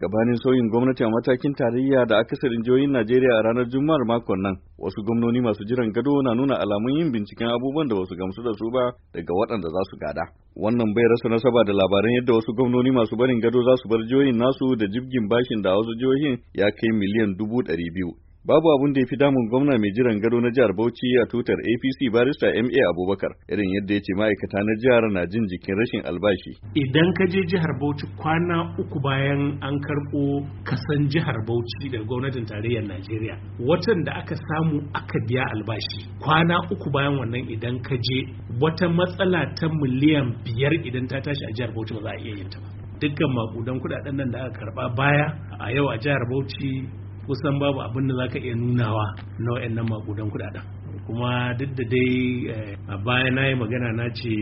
gabanin sauyin gwamnati a matakin tarayya da akasarin jihohin Najeriya a ranar Juma'ar makon nan. Wasu gwamnoni masu jiran gado na nuna alamun yin binciken abubuwan da wasu gamsu da su ba daga waɗanda za su gada. Wannan bai rasa nasaba da labaran yadda wasu gwamnoni masu barin gado za su bar jihohin nasu da jibgin bashin da wasu jihohin ya kai miliyan dubu ɗari biyu. Babu abin da ya fi damun gwamna mai jiran gado na jihar Bauchi a tutar APC barista MA Abubakar irin yadda ya ce ma'aikata na jihar na jin jikin rashin albashi. Idan ka je jihar Bauchi kwana uku bayan an karɓo kasan jihar Bauchi da gwamnatin tarayyar Najeriya watan da aka samu aka biya albashi kwana uku bayan wannan idan ka je wata matsala ta miliyan biyar idan ta tashi a jihar Bauchi ba za a iya yin ta ba. Dukkan makudan kudaden nan da aka karɓa baya a yau a jihar Bauchi kusan babu abin da zaka iya nunawa na wayannan makudan kudaden kuma duk da dai eh, a baya na yi magana na ce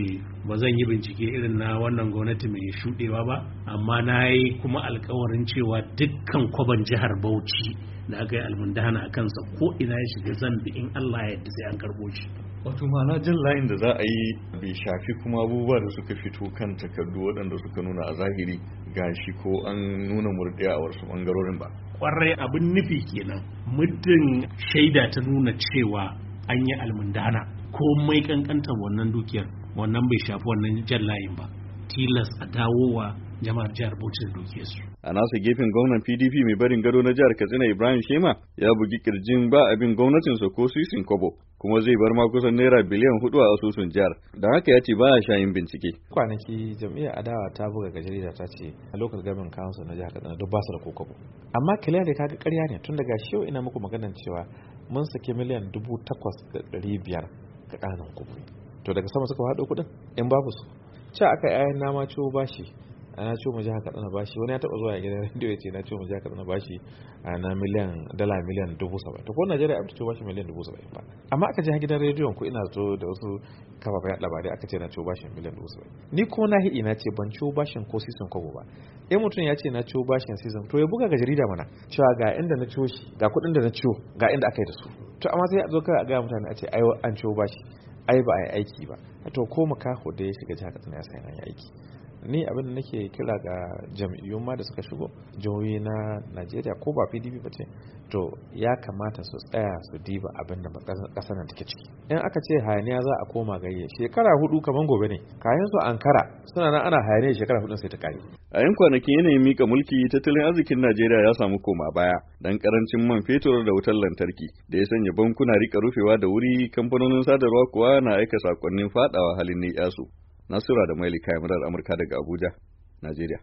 ba zan yi bincike irin na wannan gwamnati mai shuɗewa ba amma na yi kuma alkawarin cewa dukkan kwaban jihar bauchi da aka yi almundana a kansa ko ina ya shiga zan bi in allah ya yadda sai an karɓo? shi wato ma'ana jin layin da za a yi bai shafi kuma abubuwa da suka fito kan takardu waɗanda suka nuna a zahiri shi ko an nuna murɗiya a wasu ɓangarorin ba kwarai abin nufi kenan muddin shaida ta nuna cewa an yi almundana ko mai kankantar wannan dukiyar wannan bai shafi wannan jan layin ba tilas a dawowa jama'ar jihar Bauchi da doke su. A nasa gefen gwamnan PDP mai barin gado na jihar Katsina Ibrahim Shema ya bugi kirjin ba abin gwamnatin ko sisin kobo kuma zai bar ma kusan naira biliyan hudu a asusun jihar. Don haka ya ce ba shayin bincike. Kwanaki jam'iyyar adawa ta buga ga jarida ta ce a lokacin gamin kansu na jihar Katsina duk ba su da ko kobo. Amma kiliya da kaga karya ne tun daga shi ina muku maganar cewa mun saki miliyan dubu takwas da ɗari biyar ga ƙananan kuɗi. To daga sama suka faɗo kuɗin in babu su. Ca aka 'ya'yan nama ciwo bashi Ah, na ciwo mu haka katsina bashi wani ya taba zuwa gidan rediyo ya ce na ciwo mu haka katsina bashi A ah, na miliyan dala miliyan dubu saba. to ko najeriya a ciwo bashi miliyan dubu saba. ba amma aka je gidan rediyon ku ina zo da wasu kafa yaɗa labarai aka ce na ciwo bashin miliyan dubu saba. ni ko na hi na ce ban ciwo bashin ko season kwabo ba in mutum ya ce na ciwo bashin season to ya buga ga jarida mana cewa ga inda na ciwo shi ga kuɗin da na ciwo ga inda aka yi da su to amma sai a zo ka ga mutane a ce ai an ciwo bashi ai ba a yi aiki ba to ko makaho da ya shiga jihar katsina ya sai yi aiki ni abin da nake kira ga jam'iyyun ma da suka shigo jihohi na najeriya ko ba pdp ba ce to ya kamata su tsaya su diba abin da ƙasar nan take ciki in aka ce hayaniya za a koma gayye shekara hudu kamar gobe ne kayan su ankara suna nan ana hayaniya shekara hudu sai ta kare a yan kwanakin yanayin mika mulki tattalin arzikin najeriya ya samu koma baya dan karancin man fetur da wutar lantarki da ya sanya bankuna rika rufewa da wuri kamfanonin sadarwa kuwa na aika sakonnin fadawa halin ne yasu Nasura da Mailika kayan Amurka daga Abuja, Najeriya.